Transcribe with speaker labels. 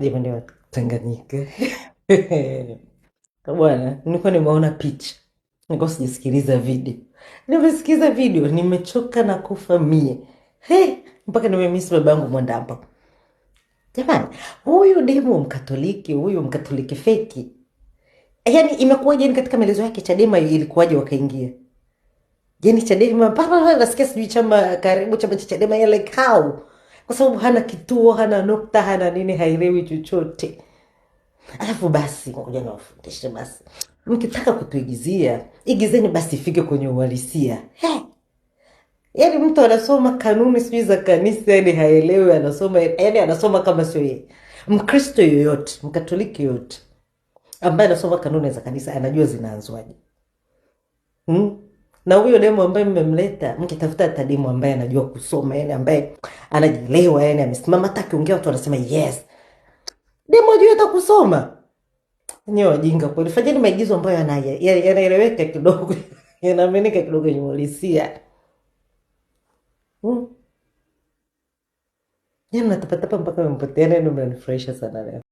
Speaker 1: Hivyo wa Tanganyika. Bwana, nilikuwa nimeona picha, nilikuwa sijasikiliza video. Nimesikiliza video, nimechoka na kufa mie. He, mpaka nimemisi babangu Mwandambo. Jamani, huyu demu Mkatoliki, huyu Mkatoliki feki, yaani imekuwaje? Yani katika maelezo yake Chadema ilikuwaje wakaingia? Yani Chadema mpaka nasikia sijui chama karibu chama cha Chadema, like how kwa sababu hana kituo, hana nukta, hana nini, haelewi chochote. Alafu basi, ngoja niwafundishe basi, mkitaka kutuigizia, igizeni basi ifike kwenye uhalisia. Yaani mtu anasoma kanuni sijui za kanisa, yani haelewi, anasoma yani anasoma kama sio yeye. Mkristo yoyote, Mkatoliki yoyote ambaye anasoma kanuni za kanisa anajua zinaanzwaje. Hmm? na huyo demo ambaye mmemleta mkitafuta hata demo ambaye anajua kusoma, yani ambaye anajielewa, yani amesimama, hata akiongea watu wanasema yes, demo ajua hata kusoma. Nyewe wajinga kweli, fanyeni maigizo ambayo yanaeleweka kidogo, yanaaminika kidogo, yenye uhalisia hmm. Yaani natapatapa mpaka mmepotea. Neno yaani mnanifurahisha sana leo.